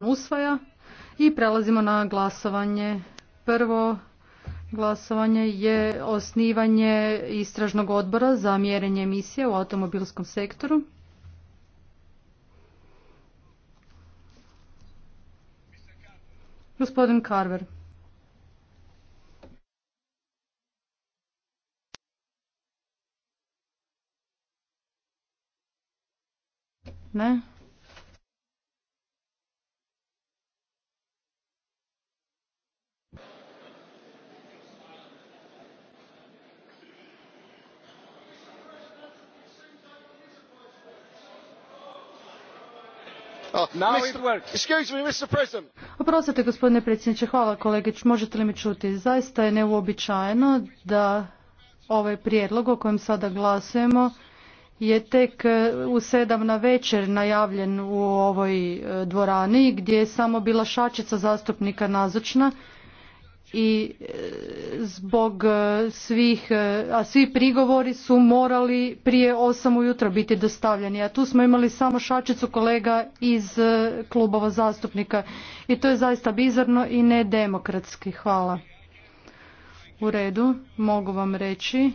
usvaja i prelazimo na glasovanje. Prvo glasovanje je osnivanje istražnog odbora za mjerenje emisije u automobilskom sektoru. Gospodin Carver. Ne. Oprostite gospodine predsjedniče, hvala kolegić, možete li mi čuti? Zaista je neuobičajeno da ovaj prijedlog o kojem sada glasujemo je tek e, u sedam na večer najavljen u ovoj e, dvorani gdje je samo bila šačica zastupnika nazočna i e, zbog e, svih, e, a svi prigovori su morali prije 8 ujutro biti dostavljeni, a tu smo imali samo šačicu kolega iz klubova zastupnika i to je zaista bizarno i nedemokratski. Hvala. U redu, mogu vam reći.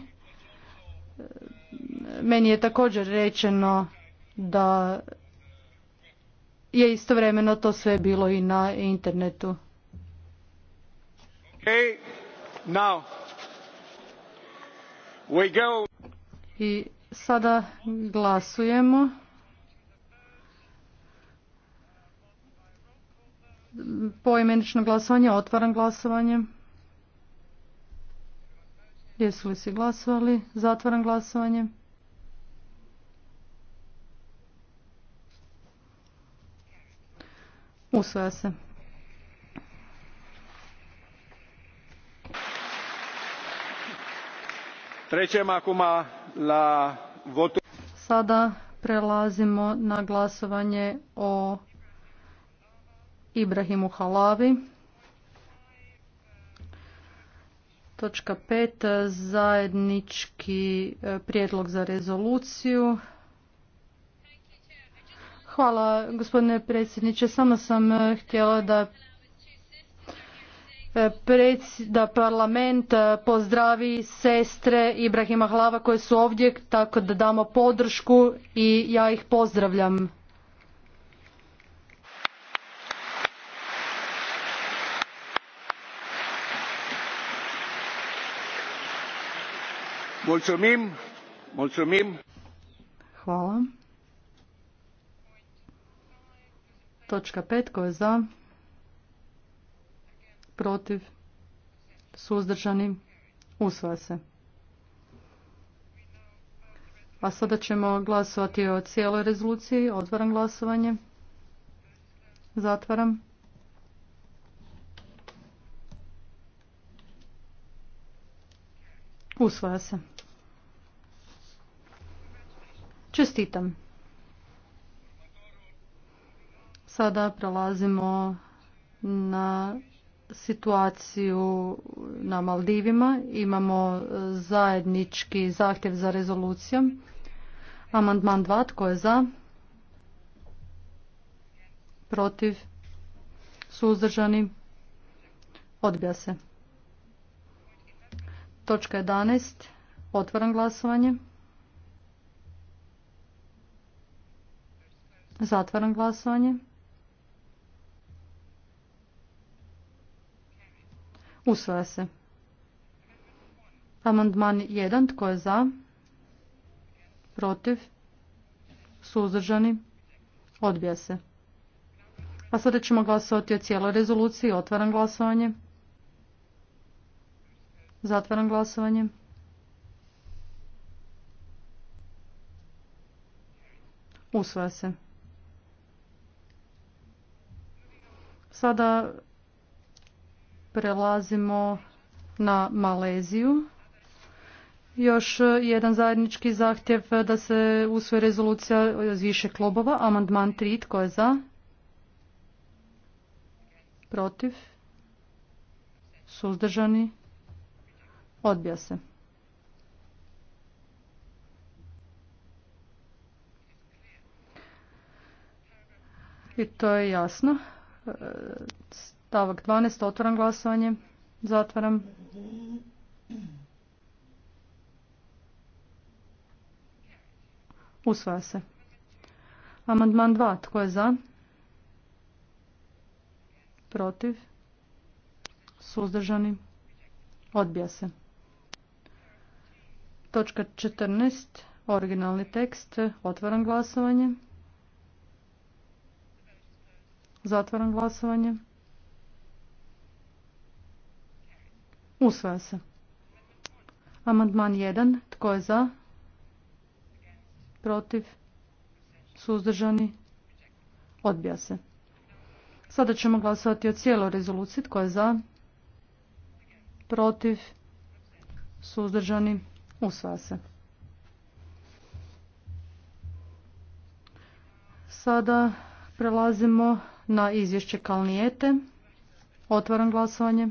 Meni je također rečeno da je istovremeno to sve bilo i na internetu. I sada glasujemo. Poimenično glasovanje, otvaram glasovanje. Jesu li si glasovali? Zatvaram glasovanje. Usvaja se. Sada prelazimo na glasovanje o Ibrahimu Halavi. Točka pet, Zajednički e, prijedlog za rezoluciju. Hvala gospodine predsjedniče. Samo sam e, htjela da E, da parlament e, pozdravi sestre Ibrahima Hlava koje su ovdje tako da damo podršku i ja ih pozdravljam. Hvala. Točka pet koja je za protiv, suzdržani, usvaja se. A sada ćemo glasovati o cijeloj rezoluciji. Otvaram glasovanje. Zatvaram. Usvaja se. Čestitam. Sada prelazimo na situaciju na Maldivima. Imamo e, zajednički zahtjev za rezolucijom. Amandman 2. Tko je za? Protiv? Suzdržani? Odbija se. Točka 11. Otvaram glasovanje. Zatvaram glasovanje. Usvaja se. Amandman 1. Tko je za? Protiv? Suzdržani? Odbija se. A sada ćemo glasovati o cijeloj rezoluciji. Otvaram glasovanje. Zatvaram glasovanje. Usvaja se. Sada Prelazimo na Maleziju. Još jedan zajednički zahtjev da se usvoji rezolucija iz više klubova. Amandman 3. Tko je za? Protiv? Suzdržani? Odbija se. I to je jasno. E, Stavak 12. Otvoram glasovanje. Zatvaram. Usvaja se. Amandman 2. Tko je za? Protiv? Suzdržani? Odbija se. Točka 14. Originalni tekst. Otvaram glasovanje. Zatvaram glasovanje. Usvaja se. Amandman 1. Tko je za? Protiv? Suzdržani? Odbija se. Sada ćemo glasovati o cijeloj rezoluciji. Tko je za? Protiv? Suzdržani? Usvaja se. Sada prelazimo na izvješće Kalnijete. Otvaram glasovanje.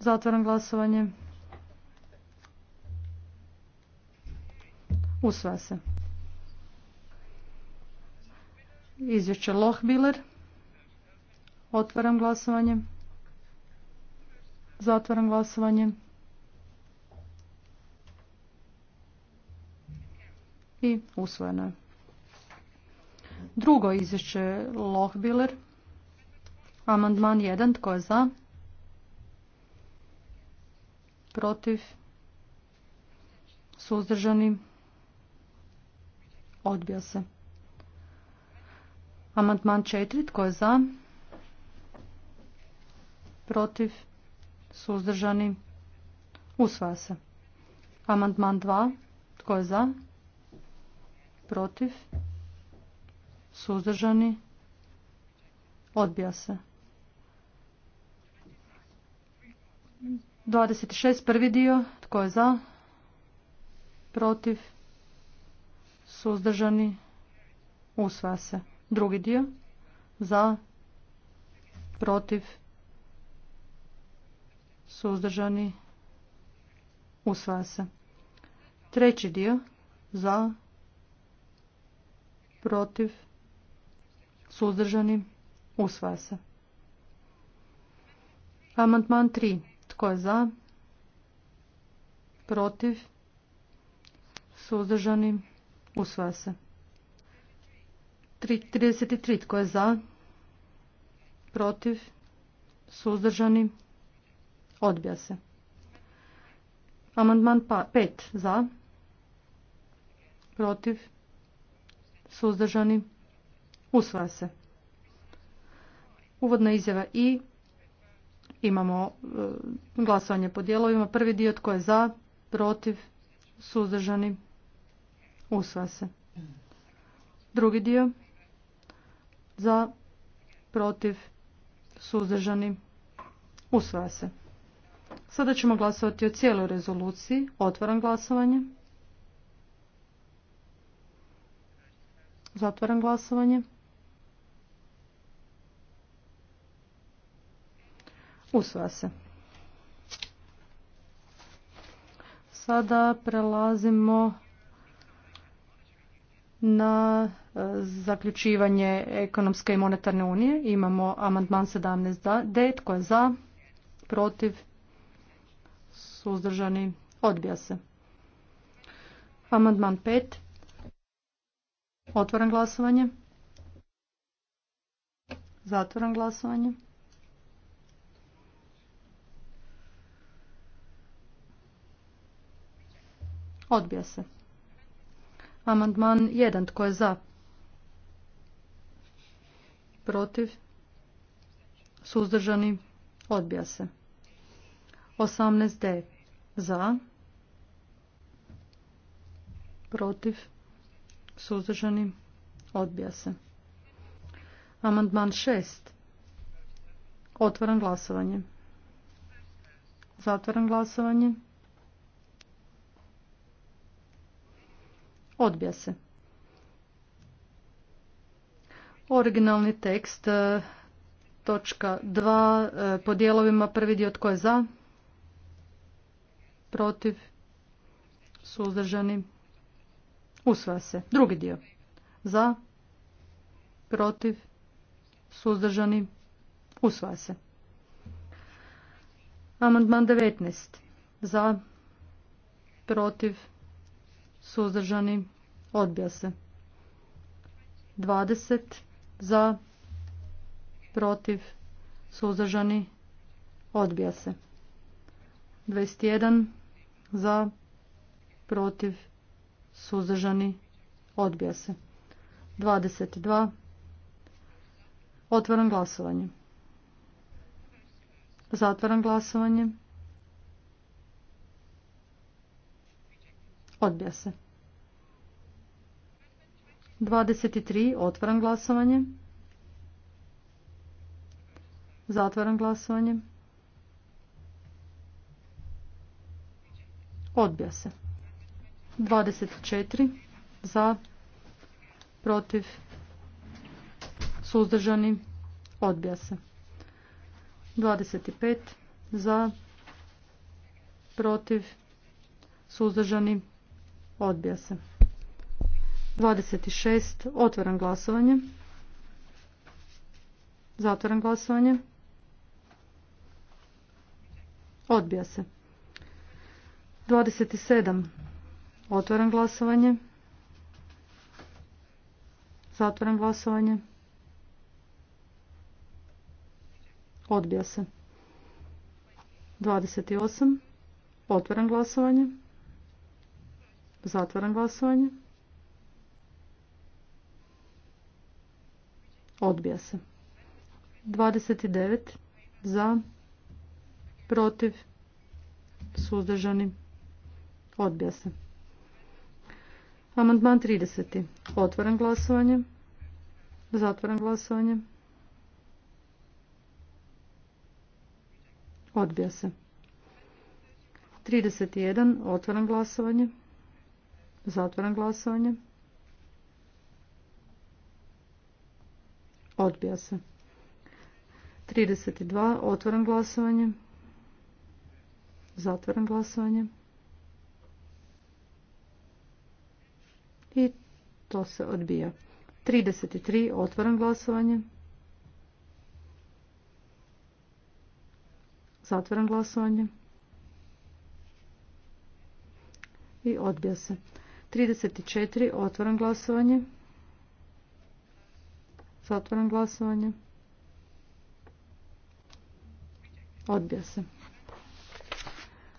Zatvaram glasovanje. Usvaja se. Izvješće Lohbiler. Otvaram glasovanje. Zatvaram glasovanje. I usvojeno je. Drugo izvješće Lohbiler. Amandman 1. Tko je za? protiv, suzdržani, odbija se. Amandman četiri. tko je za, protiv, suzdržani, usvaja se. Amandman dva. tko je za, protiv, suzdržani, odbija se. 26. prvi dio. Tko je za? Protiv? Suzdržani? Usvaja se. Drugi dio. Za? Protiv? Suzdržani? Usvaja se. Treći dio. Za? Protiv? Suzdržani? Usvaja se. Amantman 3. Tko je za? Protiv? Suzdržani? Usvaja se. 33. Tko je za? Protiv? Suzdržani? Odbija se. Amandman 5. Pa, za? Protiv? Suzdržani? Usvaja se. Uvodna izjava i Imamo e, glasovanje po dijelovima. Prvi dio tko je za, protiv, suzdržani, usva se. Drugi dio za, protiv, suzdržani, usvaja se. Sada ćemo glasovati o cijeloj rezoluciji. Otvaram glasovanje. Zatvaram glasovanje. Usvaja se. Sada prelazimo na e, zaključivanje ekonomske i monetarne unije. Imamo amandman 17d. Tko je za? Protiv? Suzdržani? Odbija se. Amandman 5. Otvoran glasovanje. Zatvoran glasovanje. Odbija se. Amandman 1. Tko je za? Protiv? Suzdržani? Odbija se. 18D. Za? Protiv? Suzdržani? Odbija se. Amandman 6. Otvaram glasovanje. Zatvaram glasovanje. Odbija se. Originalni tekst e, točka 2 e, po dijelovima prvi dio tko je za protiv suzdržani usvaja se drugi dio za protiv suzdržani usvaja se amandman 19 za protiv suzdržani, odbija se. 20 za, protiv, suzdržani, odbija se. 21 za, protiv, suzdržani, odbija se. 22 Otvaram glasovanje. Zatvaram glasovanje. Odbija se. 23. Otvaram glasovanje. Zatvaram glasovanje. Odbija se. 24. Za. Protiv. Suzdržani. Odbija se. 25. Za. Protiv. Suzdržani. Odbija se. 26. otvoren glasovanje. Zatvaram glasovanje. Odbija se. 27. otvoren glasovanje. Zatvaram glasovanje. Odbija se. 28. otvoren glasovanje. Zatvaram glasovanje. Odbija se. 29 za, protiv, suzdržani, odbija se. Amandman 30. Otvaram glasovanje. Zatvaram glasovanje. Odbija se. 31. Otvaram glasovanje. Zatvoram glasovanje. Odbija se. 32. Otvoram glasovanje. Zatvoram glasovanje. I to se odbija. 33. Otvoram glasovanje. Zatvoram glasovanje. I odbija se. 34. Otvoram glasovanje. Zatvoram glasovanje. Odbija se.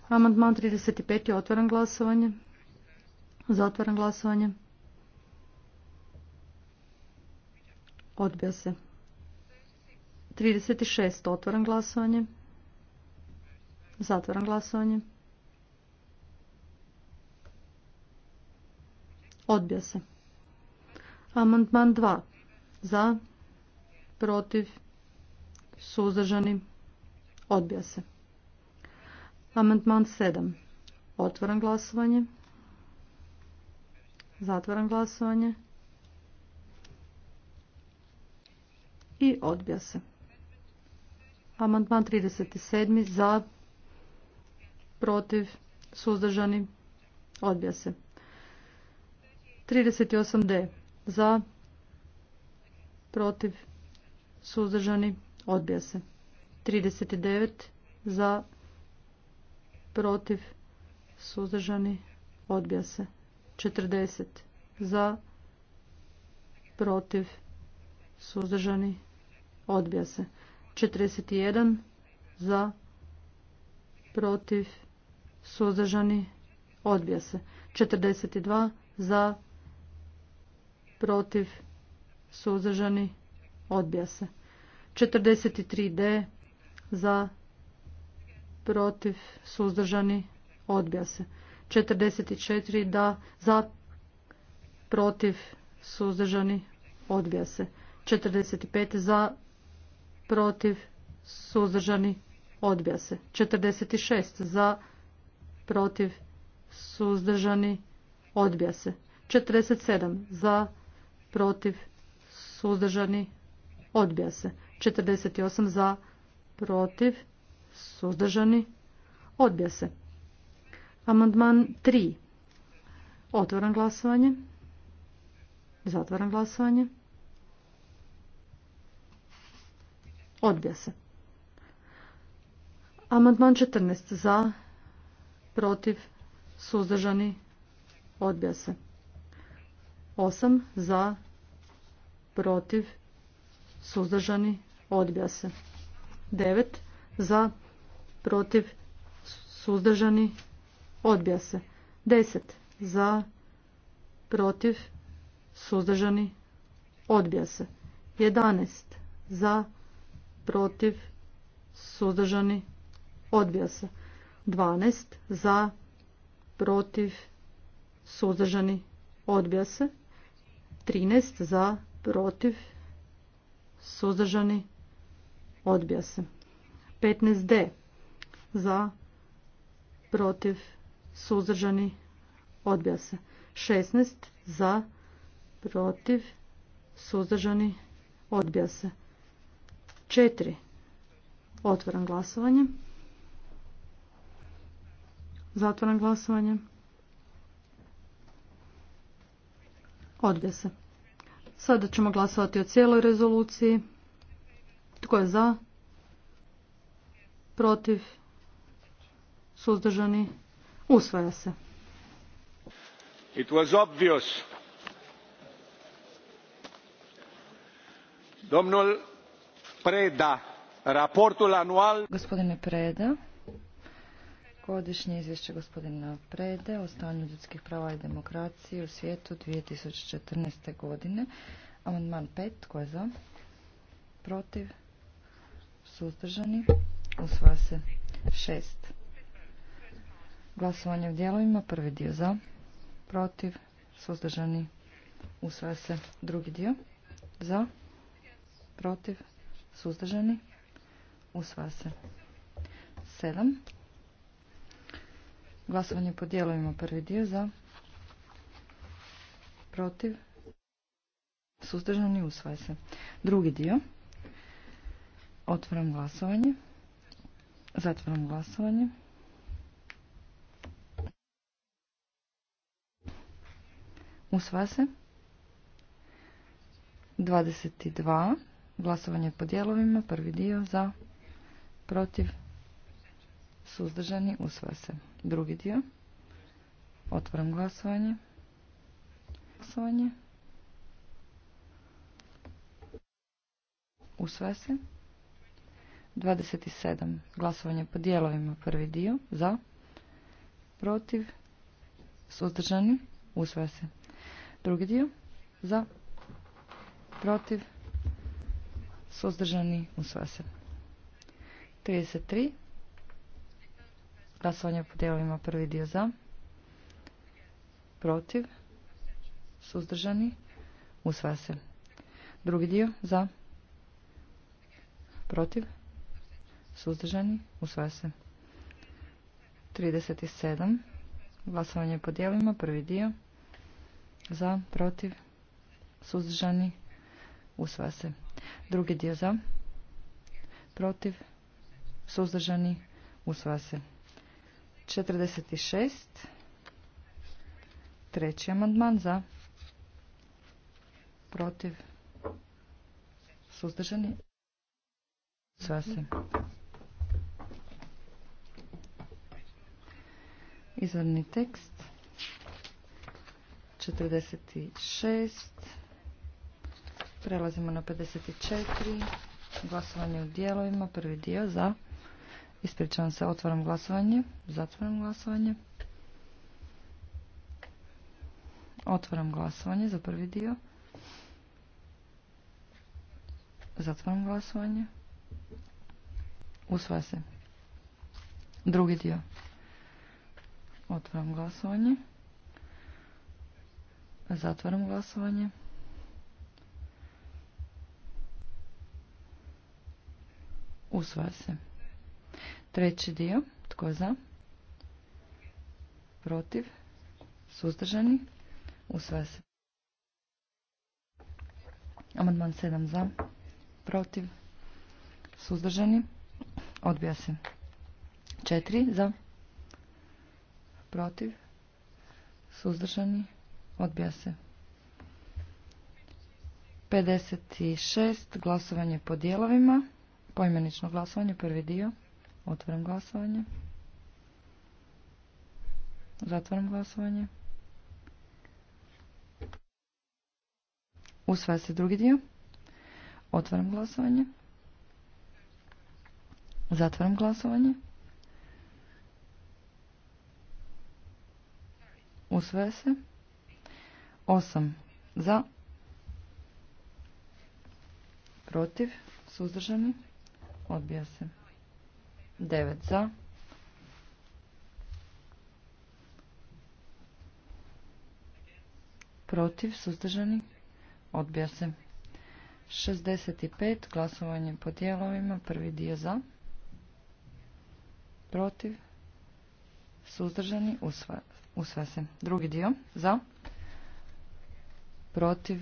Amandman 35. Otvoram glasovanje. Zatvoram glasovanje. Odbija se. 36. Otvoram glasovanje. Zatvoram glasovanje. Odbija se. Amandman 2. Za, protiv, suzdržani. Odbija se. Amandman 7. Otvoran glasovanje. Zatvoran glasovanje. I odbija se. Amandman 37. Za, protiv, suzdržani. Odbija se. 38D za, protiv, suzdržani, odbija se. 39 za, protiv, suzdržani, odbija se. 40 za, protiv, suzdržani, odbija se. 41 za, protiv, suzdržani, odbija se. 42 za, protiv, protiv, suzdržani, odbija se. 43D za, protiv, suzdržani, odbija se. 44 da, za, protiv, suzdržani, odbija se. 45 za, protiv, suzdržani, odbija se. 46 za, protiv, suzdržani, odbija se. 47 za, protiv, suzdržani, odbija se. 48 za, protiv, suzdržani, odbija se. Amandman 3. Otvoran glasovanje. Zatvoran glasovanje. Odbija se. Amandman 14 za, protiv, suzdržani, odbija se. Osam za, protiv, suzdržani, odbija se. Devet za, protiv, suzdržani, odbija se. Deset za, protiv, suzdržani, odbija se. 11 za, protiv, suzdržani, odbija se. 12 za, protiv, suzdržani, odbija se. 13 za, protiv, suzdržani, odbija se. 15D za, protiv, suzdržani, odbija se. 16 za, protiv, suzdržani, odbija se. 4. Otvoran glasovanje. Zatvaram glasovanje. Odbija se. Sada ćemo glasovati o cijeloj rezoluciji. Tko je za? Protiv? Suzdržani? Usvaja se. It was obvious. Domnul Preda, raportul anual... Gospodine Preda, Godišnje izvješće gospodina Prede o stanju ljudskih prava i demokracije u svijetu 2014. godine. Amandman 5. Tko je za? Protiv? Suzdržani? Usvaja se 6. Glasovanje u dijelovima. Prvi dio za. Protiv? Suzdržani? Usvaja se drugi dio. Za? Protiv? Suzdržani? Usvaja se 7. Glasovanje po dijelovima prvi dio za, protiv, suzdržani, usvaja se. Drugi dio, otvaram glasovanje, zatvaram glasovanje. Usvaja se. 22. Glasovanje po dijelovima. Prvi dio za, protiv, Suzdržani, usvaja se. Drugi dio. Otvaram glasovanje. Glasovanje. Usvaja se. 27. Glasovanje po dijelovima. Prvi dio. Za. Protiv. Suzdržani. Usvaja se. Drugi dio. Za. Protiv. Suzdržani. Usvaja se. 33. Glasovanje po dijelovima prvi dio za. Protiv. Suzdržani. Usvaja se. Drugi dio za. Protiv. Suzdržani. Usvaja se. 37. Glasovanje po dijelovima. Prvi dio. Za. Protiv. Suzdržani. Usvaja se. Drugi dio za. Protiv. Suzdržani. Usvaja se. 46. Treći amandman za. Protiv. Suzdržani. Sva se. Izvorni tekst. 46. Prelazimo na 54. Glasovanje u dijelovima. Prvi dio za. Ispričavam se, otvaram glasovanje, zatvaram glasovanje. Otvaram glasovanje za prvi dio. Zatvaram glasovanje. Usvaja se. Drugi dio. Otvaram glasovanje. Zatvaram glasovanje. Usvaja se. Treći dio. Tko za? Protiv? Suzdržani? Usvaja se. Amandman 7 za. Protiv? Suzdržani? Odbija se. četiri za. Protiv? Suzdržani? Odbija se. 56. Glasovanje po dijelovima. Poimenično glasovanje, prvi dio. Otvaram glasovanje. Zatvaram glasovanje. Usvaja se drugi dio. Otvaram glasovanje. Zatvaram glasovanje. Usvaja se. Osam za. Protiv. Suzdržani. Odbija se. 9 za. Protiv, suzdržani, odbija se. 65, glasovanje po dijelovima, prvi dio za. Protiv, suzdržani, usva, se. Drugi dio za. Protiv,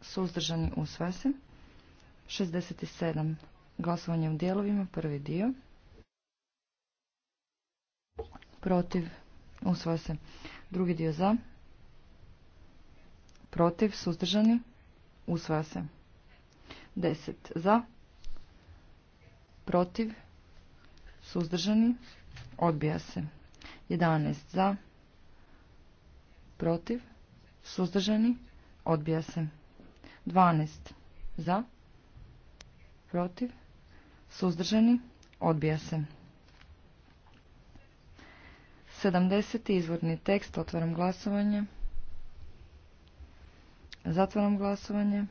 suzdržani, usva se. 67 glasovanjem u dijelovima, prvi dio. Protiv, usvaja se. Drugi dio za. Protiv, suzdržani, usvaja se. deset za. Protiv, suzdržani, odbija se. 11 za. Protiv, suzdržani, odbija se. 12 za. Protiv, Suzdržani? Odbija se. 70. izvorni tekst. Otvaram glasovanje. Zatvaram glasovanje.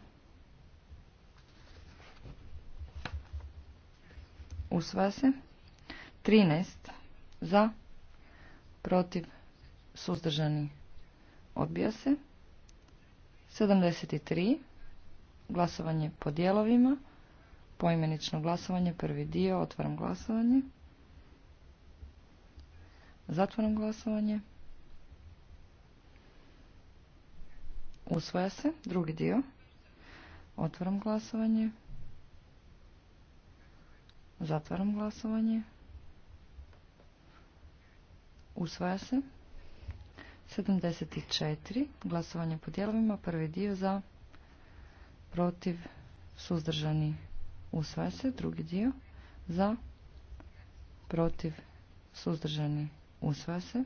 Usvaja se. 13. Za. Protiv. Suzdržani. Odbija se. 73. Glasovanje po dijelovima poimenično glasovanje, prvi dio, otvaram glasovanje. Zatvaram glasovanje. Usvaja se, drugi dio. Otvaram glasovanje. Zatvaram glasovanje. Usvaja se. 74. Glasovanje po dijelovima. Prvi dio za, protiv, suzdržani, Usvaja se. Drugi dio. Za. Protiv. Suzdržani. Usvaja se.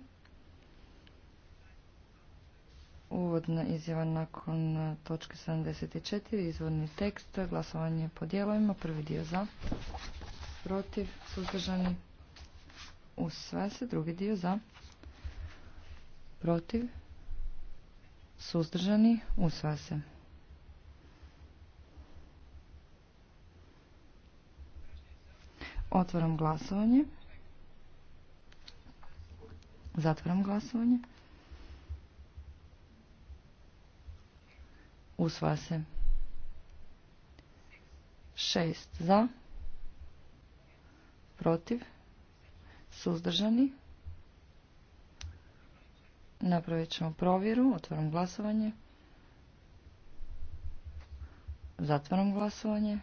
Uvodna izjava nakon točke 74. Izvorni tekst. Glasovanje po dijelovima. Prvi dio za. Protiv. Suzdržani. Usvaja se. Drugi dio za. Protiv. Suzdržani. Usvaja se. Otvaram glasovanje. Zatvaram glasovanje. Usvaja se. Šest za. Protiv. Suzdržani. Napravit ćemo provjeru. Otvaram glasovanje. Zatvaram glasovanje.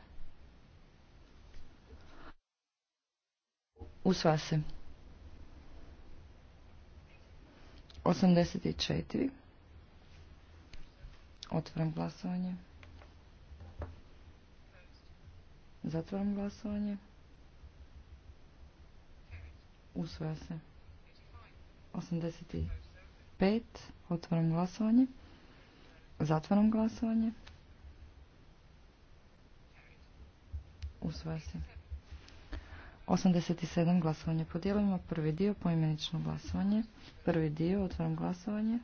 Usvaja se. 84. Otvaram glasovanje. Zatvoram glasovanje. Usvaja se. 85. otvoram glasovanje. Zatvoram glasovanje. Usvaja se. 87 glasovanje po Prvi dio poimenično glasovanje. Prvi dio otvaram glasovanje.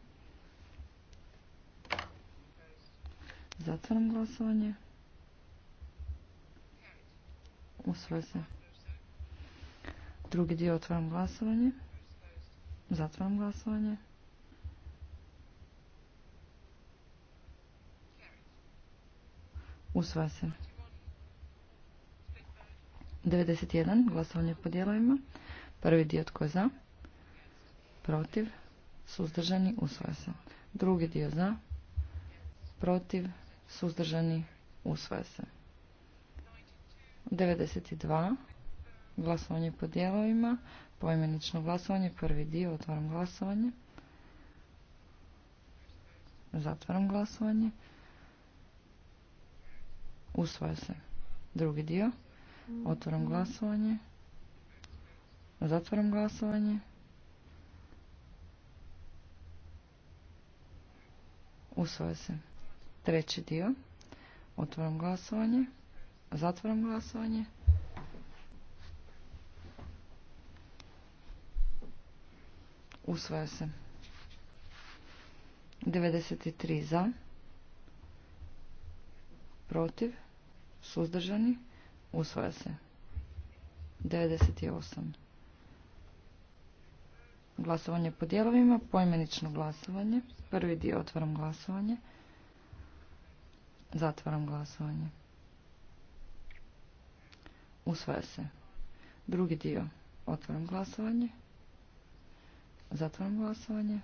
Zatvaram glasovanje. Usvoje se. Drugi dio otvaram glasovanje. Zatvaram glasovanje. Usvaja se. 91, glasovanje po dijelovima. Prvi dio tko je za? Protiv? Suzdržani? Usvaja se. Drugi dio za? Protiv? Suzdržani? Usvaja se. 92. Glasovanje po dijelovima. Poimenično glasovanje. Prvi dio. Otvaram glasovanje. Zatvaram glasovanje. Usvaja se. Drugi dio. Otvaram glasovanje. Zatvaram glasovanje. Usvaja se. Treći dio. Otvaram glasovanje. Zatvaram glasovanje. Usvaja se. 93 za. Protiv. Suzdržani. Usvoja se. 98. Glasovanje po dijelovima, poimenično glasovanje. Prvi dio otvaram glasovanje. Zatvaram glasovanje. Usvaja se. Drugi dio otvaram glasovanje. Zatvaram glasovanje.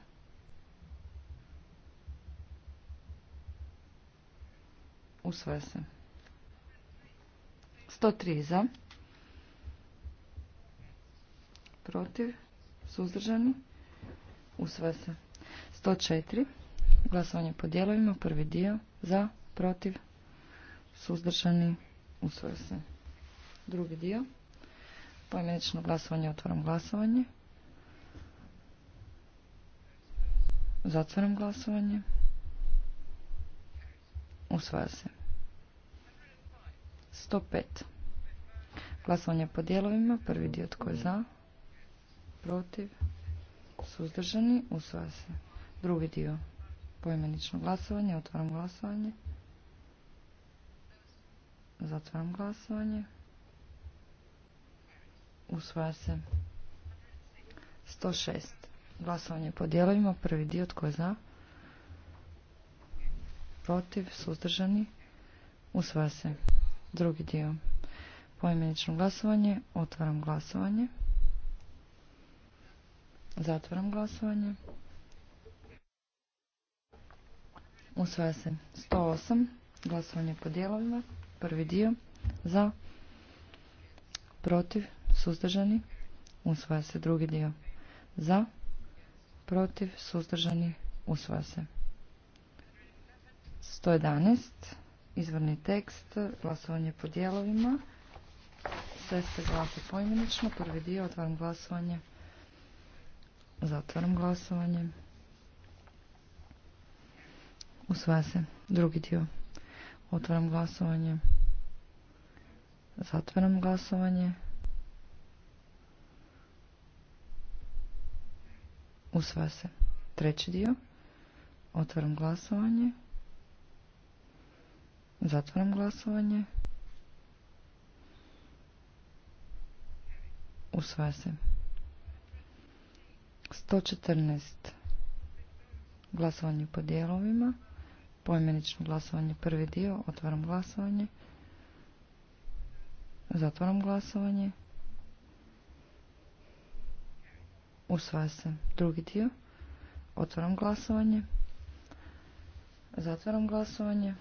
Usvaja se. 103 za. Protiv. Suzdržani. Usva se. 104. Glasovanje podijelujemo, Prvi dio. Za. Protiv. Suzdržani. Usvaja se. Drugi dio. Pojmenično glasovanje. Otvaram glasovanje. Zatvaram glasovanje. Usvaja se. 105. Glasovanje po dijelovima. Prvi dio tko je za? Protiv? Suzdržani? Usvaja se. Drugi dio. Poimenično glasovanje. Otvaram glasovanje. Zatvaram glasovanje. Usvaja se. 106. Glasovanje po dijelovima. Prvi dio tko je za? Protiv? Suzdržani? Usvaja se. Drugi dio. Poimenično glasovanje. Otvaram glasovanje. Zatvaram glasovanje. Usvaja se 108. Glasovanje po dijelovima. Prvi dio. Za. Protiv. Suzdržani. Usvaja se drugi dio. Za. Protiv. Suzdržani. Usvaja se. 111. Izvorni tekst, glasovanje po dijelovima. Sve se glasi poimenično. Prvi dio, otvaram glasovanje. Zatvaram glasovanje. Usvaja se. Drugi dio. Otvaram glasovanje. Zatvaram glasovanje. Usvaja se. Treći dio. Otvaram glasovanje. Zatvaram glasovanje. Usvaja se. 114 glasovanje po dijelovima. Poimenično glasovanje prvi dio. Otvaram glasovanje. Zatvaram glasovanje. Usvaja se. Drugi dio. Otvaram glasovanje. Zatvaram glasovanje.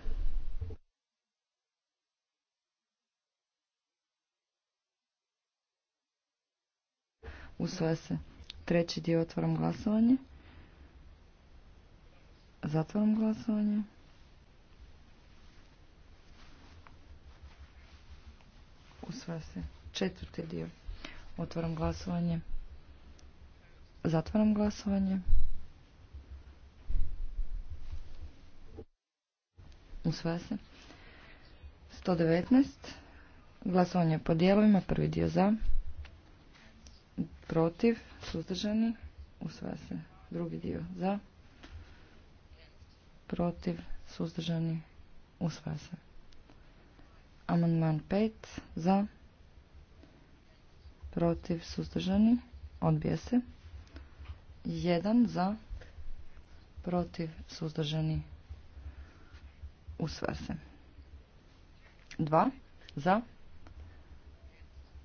Usvaja se. Treći dio otvaram glasovanje. Zatvaram glasovanje. Usvaja se. Četvrti dio. Otvaram glasovanje. Zatvaram glasovanje. Usvaja se. 119. Glasovanje po dijelovima. Prvi dio za protiv, suzdržani, usvaja se. Drugi dio za, protiv, suzdržani, usvaja se. Amandman 5 za, protiv, suzdržani, odbije se. 1 za, protiv, suzdržani, usvaja se. 2 za,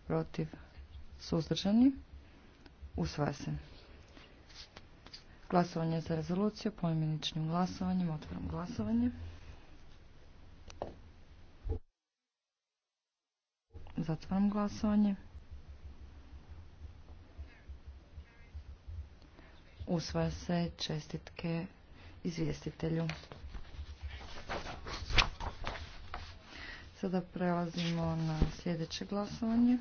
protiv, suzdržani, Usvaja se. Glasovanje za rezoluciju poimeničnim glasovanjem. Otvaram glasovanje. Zatvaram glasovanje. Usvaja se čestitke izvjestitelju. Sada prelazimo na sljedeće glasovanje.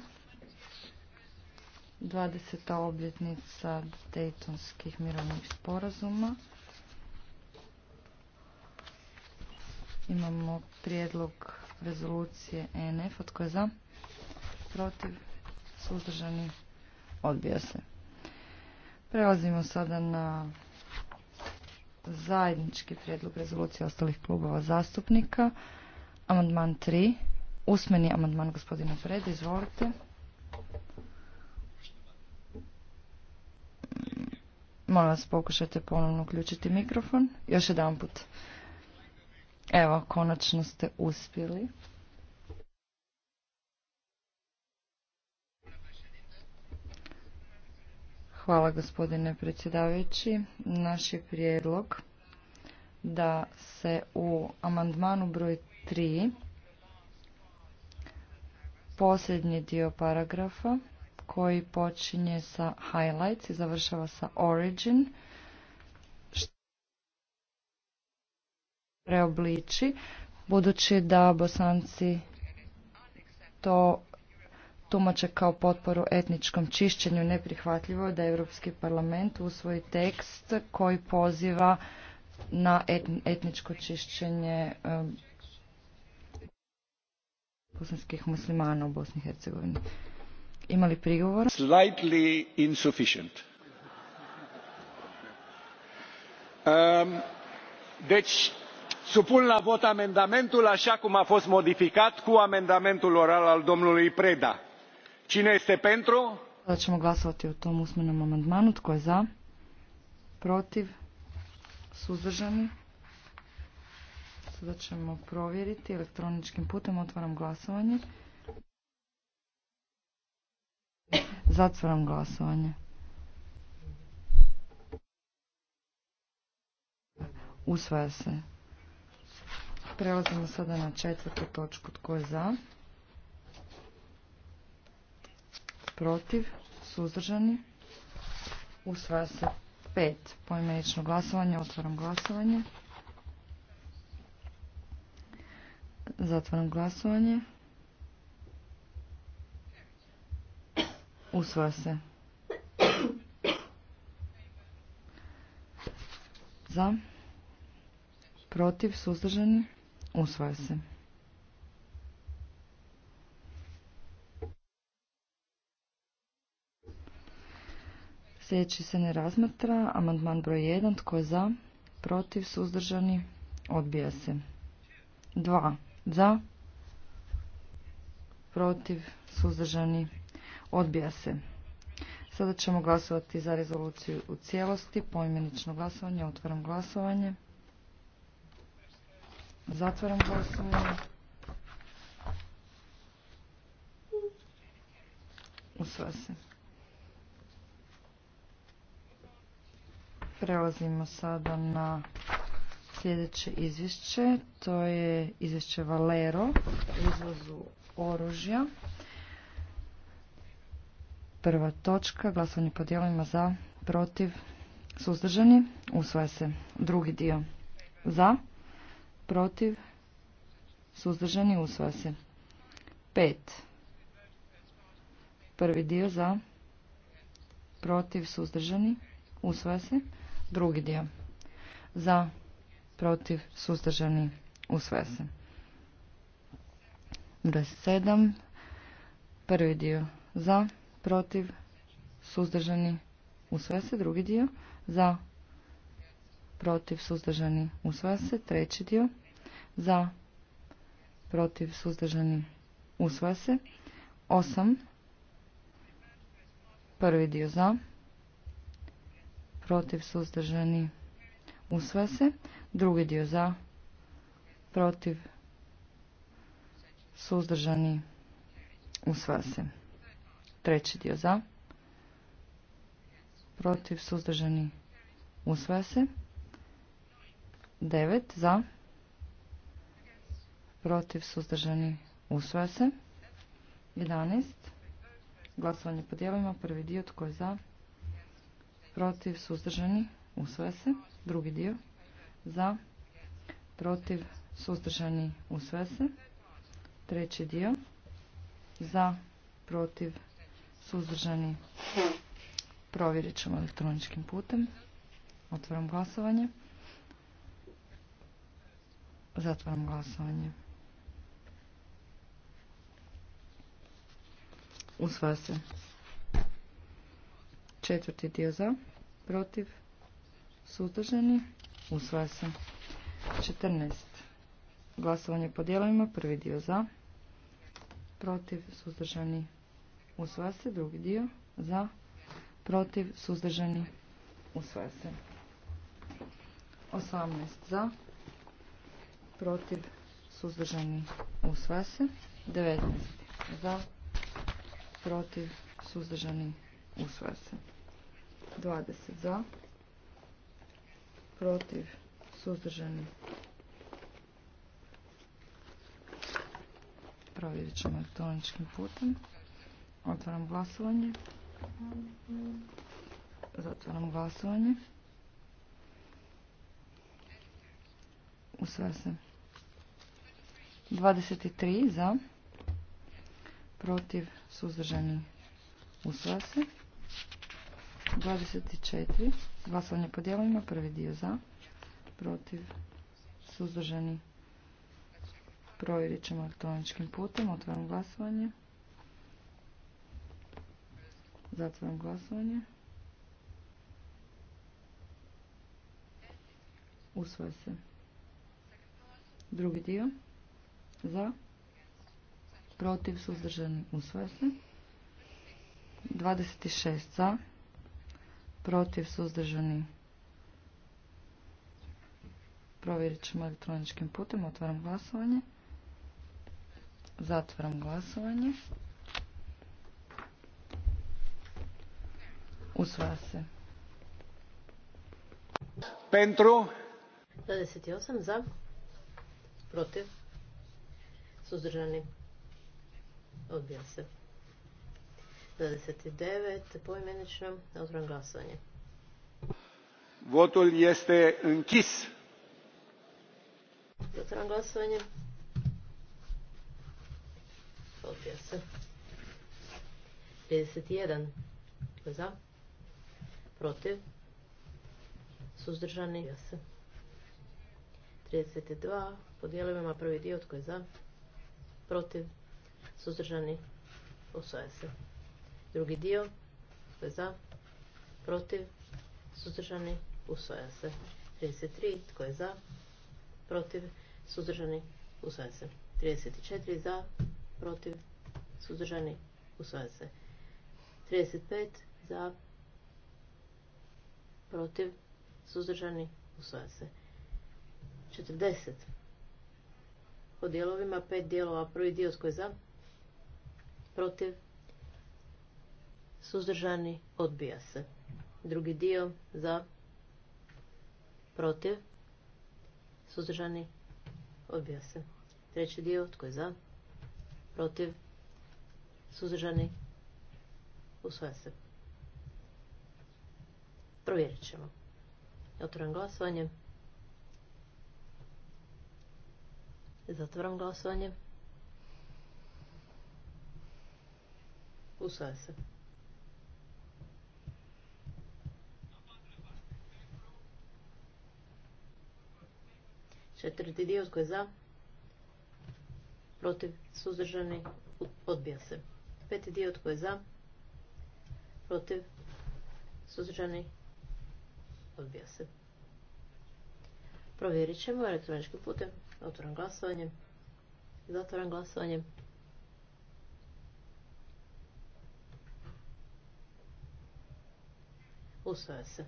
20. obljetnica Dejtonskih mirovnih sporazuma. Imamo prijedlog rezolucije ENF. Od koje za? Protiv? Suzdržani? Odbija se. Prelazimo sada na zajednički prijedlog rezolucije ostalih klubova zastupnika. Amandman 3. Usmeni amandman gospodina Freda. Izvolite. Molim vas pokušajte ponovno uključiti mikrofon. Još jedan put. Evo, konačno ste uspjeli. Hvala gospodine predsjedavajući. Naš je prijedlog da se u amandmanu broj 3 posljednji dio paragrafa koji počinje sa highlights i završava sa origin. Preobliči, budući da bosanci to tumače kao potporu etničkom čišćenju neprihvatljivo je da Europski parlament usvoji tekst koji poziva na etničko čišćenje um, bosanskih muslimana u Bosni i Hercegovini. Imali prigovor? Slightly insufficient. Um, deci, supun la vot amendamentul așa cum a fost modificat cu amendamentul oral al domnului Preda. Cine este pentru? Sada ćemo glasovati o tom usmenom amandmanu. Tko je za? Protiv? Suzdržani? Sada ćemo provjeriti elektroničkim putem. Otvaram glasovanje. Zatvaram glasovanje. Usvaja se. Prelazimo sada na četvrtu točku. Tko je za? Protiv? Suzdržani? Usvaja se pet. Poimenično glasovanje. Otvaram glasovanje. Zatvaram glasovanje. Usvaja se. Za. Protiv. Suzdržani. Usvaja se. Sljedeći se ne razmatra. Amandman broj 1. Tko je za? Protiv. Suzdržani. Odbija se. 2. Za. Protiv. Suzdržani. Odbija se. Sada ćemo glasovati za rezoluciju u cijelosti. Poimenično glasovanje. Otvaram glasovanje. Zatvaram glasovanje. Usva se. Prelazimo sada na sljedeće izvješće. To je izvješće Valero u izvozu oružja. Prva točka, glasovanje po za, protiv, suzdržani, usvaja se. Drugi dio, za, protiv, suzdržani, usvaja se. Pet. Prvi dio za, protiv, suzdržani, usvaja se. Drugi dio, za, protiv, suzdržani, usvaja se. Broj sedam, prvi dio za, protiv, suzdržani, usvaja se. Drugi dio za, protiv, suzdržani, usvaja se. Treći dio za, protiv, suzdržani, usvaja se. Osam, prvi dio za, protiv, suzdržani, usvaja se. Drugi dio za, protiv, suzdržani, usvaja se. Treći dio za. Protiv suzdržani usvaja se. Devet za. Protiv suzdržani usvaja se. 11. Glasovanje po dijelovima. Prvi dio tko je za. Protiv suzdržani usvaja se. Drugi dio za. Protiv suzdržani usvaja se. Treći dio za. Protiv suzdržani, provjerit ćemo elektroničkim putem. Otvaram glasovanje. Zatvaram glasovanje. Usvaja se. Četvrti dio za, protiv, suzdržani, usvaja se. 14. Glasovanje po dijelovima, prvi dio za, protiv, suzdržani, usvoja se. Drugi dio za, protiv, suzdržani, usvoja se. 18 za, protiv, suzdržani, usvoja se. 19 za, protiv, suzdržani, usvoja se. 20 za, protiv, suzdržani, provjerit ćemo elektroničkim putem. Otvaram glasovanje. Zatvaram glasovanje. Usvaja se. 23 za. Protiv suzdržani. Usvaja se. 24. Glasovanje po dijelovima. Prvi dio za. Protiv suzdržani. Provjerit ćemo elektroničkim putem. Otvaram glasovanje. Zatvaram glasovanje. Usvaja se. Drugi dio. Za. Protiv suzdržani. Usvoje se. 26 za. Protiv suzdržani. Provjerit ćemo elektroničkim putem. Otvaram glasovanje. Zatvaram glasovanje. Usvaja se. Pentru. 28 za. Protiv. Suzdržani. Odbija se. 29 poimenično. Otvoram glasovanje. Votul este închis. Zatvoram glasovanje. Odbija se. 31 za protiv, suzdržani, ja se. 32, po prvi dio, tko je za, protiv, suzdržani, osvaja se. Drugi dio, tko je za, protiv, suzdržani, usvaja se. 33, tko je za, protiv, suzdržani, usvaja se. 34, za, protiv, suzdržani, usvaja se. 35, za, protiv, suzdržani, usvaja se. 40. Po dijelovima pet dijelova, prvi dio koji je za, protiv, suzdržani, odbija se. Drugi dio za, protiv, suzdržani, odbija se. Treći dio, tko je za, protiv, suzdržani, usvaja se. Provjerit ćemo. Otvoram glasovanje. Zatvoram glasovanje. Usvaja se. Četvrti dio koji je za? Protiv suzdržani odbija se. Peti dio koji je za? Protiv suzdržani Odbija se. Provjerit ćemo elektroničkim putem. Otvoram glasovanje. Zatvoram glasovanje. Usvaja se.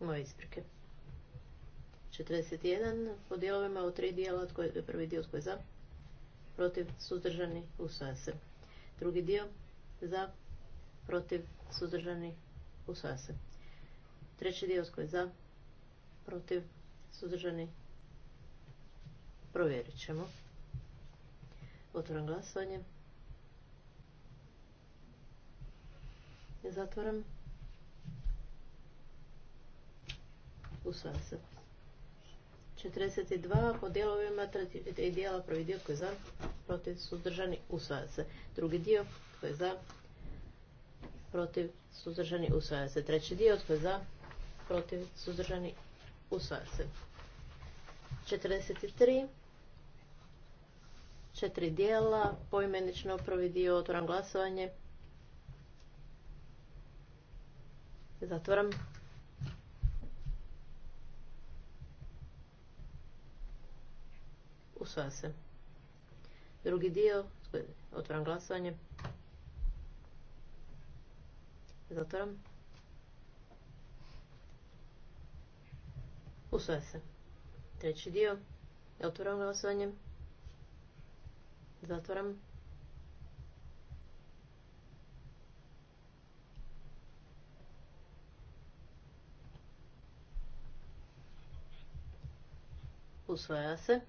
Moje isprike. 41 po dijelovima u tri dijela, prvi dio tko je za, protiv, suzdržani, usvaja se. Drugi dio za, protiv, suzdržani, usvaja se. Treći dio koji je za, protiv, suzdržani, provjerit ćemo. Otvoram glasovanje. Zatvoram. Usvaja se. 42 po dijelovima, dijela prvi dio koji je za, protiv, suzdržani, usvaja se. Drugi dio koji je za, protiv, suzdržani, usvaja se. Treći dio, tko je za, protiv, suzdržani, usvaja se. 43. Četiri dijela, poimenično prvi dio, otvoram glasovanje. Zatvoram. Usvaja se. Drugi dio, otvoram glasovanje. Zatvoram. Usvaja se. Treći dio. Otvoram glasovanje. Zatvoram. Usvaja se.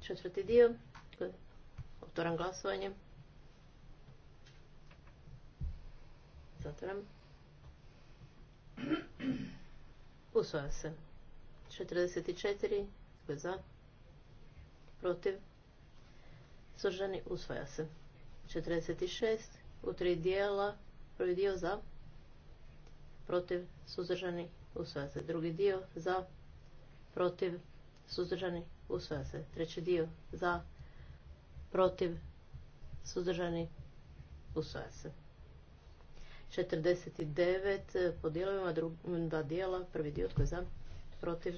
Četvrti dio. Otvoram glasovanje. Zatvaram. Usvaja se. 44. za? Protiv? Suženi usvaja se. 46. U tri dijela. Prvi dio za. Protiv. Suzdržani. Usvaja se. Drugi dio za. Protiv. Suzdržani. Usvaja se. Treći dio za. Protiv. Suzdržani. Usvaja se. 49 eh, po dijelovima, dva dijela, prvi dio tko je za, protiv,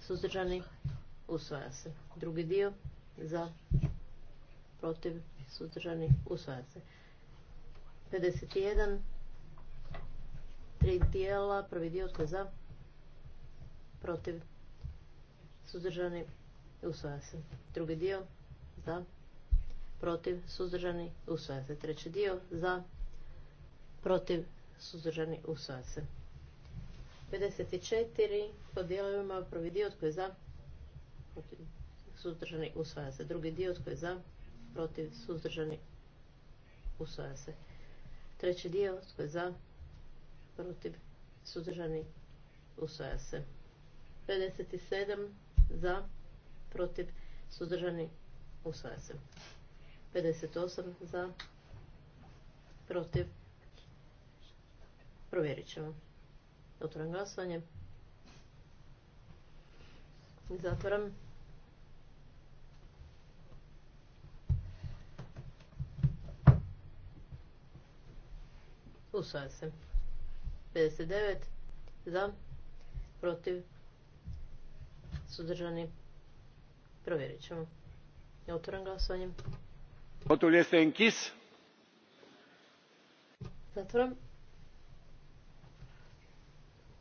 suzdržani, usvaja se. Drugi dio za, protiv, suzdržani, usvaja se. 51, tri dijela, prvi dio tko je za, protiv, suzdržani, usvaja se. Drugi dio za, protiv, suzdržani, usvaja se. Treći dio za, protiv, suzdržani, u se. 54 po dijelovima, prvi dio koji je za, protiv, suzdržani, usvaja se. Drugi dio koji je za, protiv, suzdržani, usvaja se. Treći dio koji je za, protiv, suzdržani, usvaja se. 57 za, protiv, suzdržani, usvaja se. 58 za, protiv, Provjerit ćemo. Otvoram glasovanje. Zatvoram. Usvaja se. 59 za, protiv, sudržani. Provjerit ćemo. Otvoram glasovanje. Votul glasovanje. Zatvoram.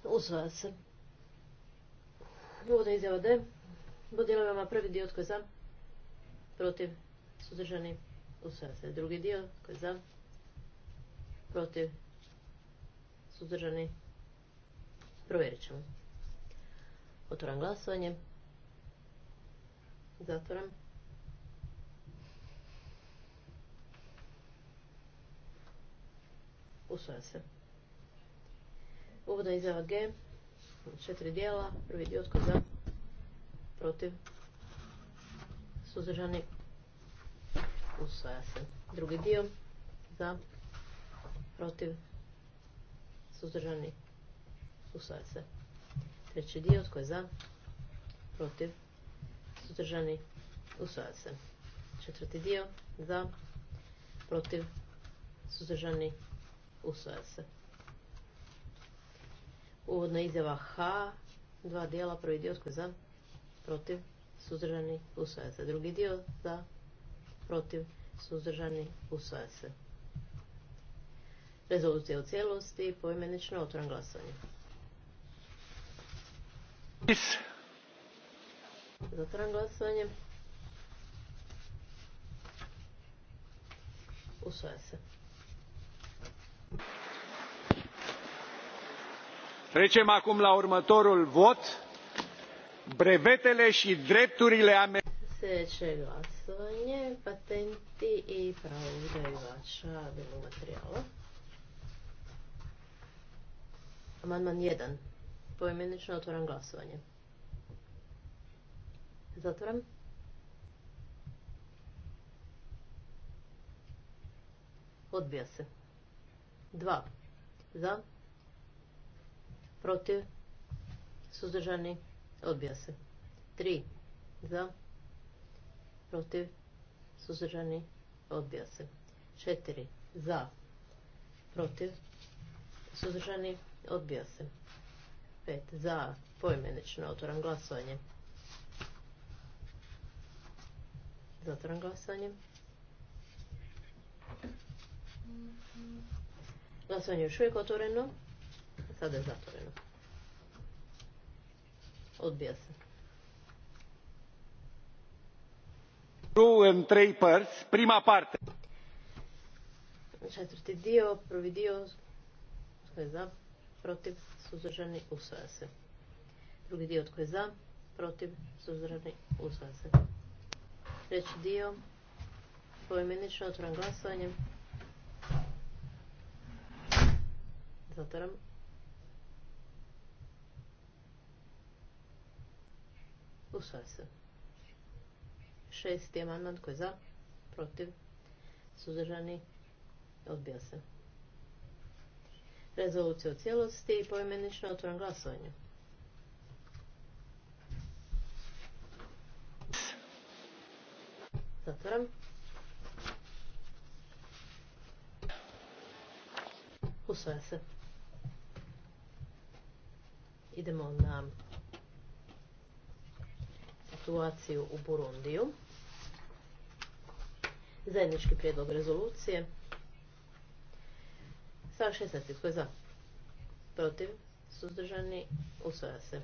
Usvaja se. Uvodna izjava D. je prvi dio tko je za? Protiv. Suzdržani. Usvaja se. Drugi dio tko je za? Protiv. Suzdržani. Provjerit ćemo. Otvoram glasovanje. Zatvoram. Usvaja se. Uvodna izjava G, četiri dijela, prvi dio tko za, protiv, suzdržani, usvaja se. Drugi dio, za, protiv, suzdržani, usvaja se. Treći dio, tko je za, protiv, suzdržani, usvaja se. Četvrti dio, za, protiv, suzdržani, usvaja se. Uvodna izjava H, dva dijela, prvi dio tko je za, protiv, suzdržani, usvaja se. Drugi dio za, protiv, suzdržani, usvaja se. Rezolucija u cijelosti, poimenično otvoran glasovanje. Zatvoran glasovanje. Usvaja se. Trecem acum la următorul vot. Brevetele și drepturile americane. Sljedeće glasovanje, patenti i e pravo udarivača e drugog materijala. Amandman 1. Poimenično otvoram e glasovanje. Zatvoram. Odbija se. 2. Za protiv, suzdržani, odbija se. 3 za, protiv, suzdržani, odbija se. 4 za, protiv, suzdržani, odbija se. 5 za, Pojmenično otvoram glasovanje. Zatvoram glasovanje. Glasovanje je još uvijek otvoreno. Sada je zatvoreno. Odbija se. Četvrti dio, prvi dio, tko je za, protiv, suzdržani, usvaja se. Drugi dio, tko je za, protiv, suzdržani, usvaja se. Treći dio, poimenično, otvoram glasovanje. Zatvaram. Usvaja se. Šesti amandman koji je za, protiv, suzdržani, odbija se. Rezolucija u cijelosti i poimenično otvoren glasovanje. Zatvoram. Usvaja se. Idemo na situaciju u Burundiju. Zajednički prijedlog rezolucije. Sa 16. Tko je za? Protiv? Suzdržani? Usvaja se.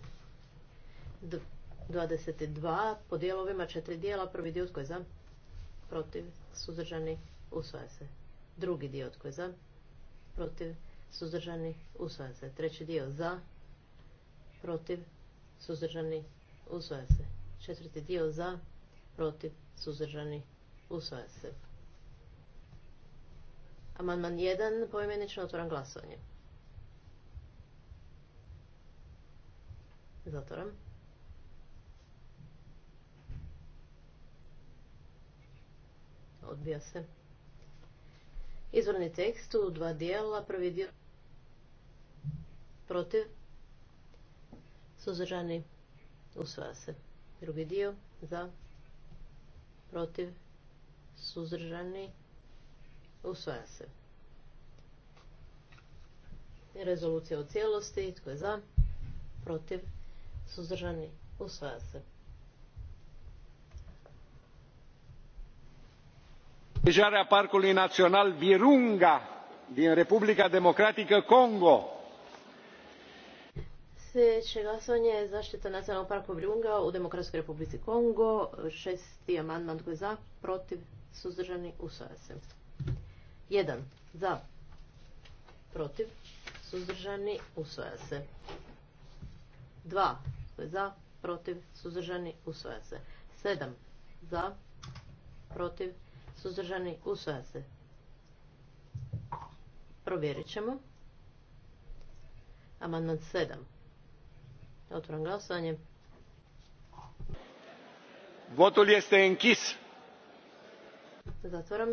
22. Po dijelovima četiri dijela. Prvi dio tko je za? Protiv? Suzdržani? Usvaja se. Drugi dio tko je za? Protiv? Suzdržani? Usvaja se. Treći dio za? Protiv? Suzdržani? Usvaja se. Četvrti dio za, protiv, suzdržani, usvaja se. Amandman 1, pojmenično otvoram glasovanje. Zatvoram. Odbija se. Izvorni tekst u dva dijela, prvi dio protiv, suzdržani, usvaja se. Drugi dio za, protiv, suzdržani, usvaja se. Rezolucija o cijelosti, tko je za, protiv, suzdržani, usvaja se. Parcului Național Virunga din Republica Democratică Congo Sljedeće glasovanje je zaštita nacionalnog parka Brunga u Demokratskoj republici Kongo. Šesti amandman koji je za, protiv, suzdržani, usvaja se. Jedan za, protiv, suzdržani, usvaja se. Dva koji za, protiv, suzdržani, usvaja se. Sedam za, protiv, suzdržani, usvaja se. Provjerit ćemo. Amandman sedam. Otvaram glasovanje. Votul Zatvaram.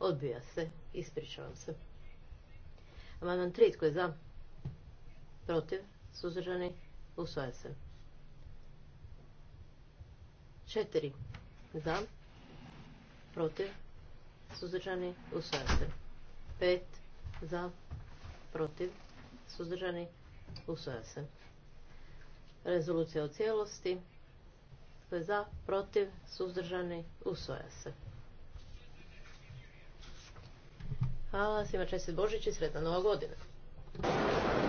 Odbija se. Ispričavam se. Amandman tri Tko je za? Protiv? Suzdržani? Usvaja se. Četiri Za? Protiv? Suzdržani? Usvaja se. Pet za, protiv, suzdržani, usvoja se. Rezolucija o cijelosti, za, protiv, suzdržani, usvoja se. Hvala svima čestit Božić i sretna nova godina.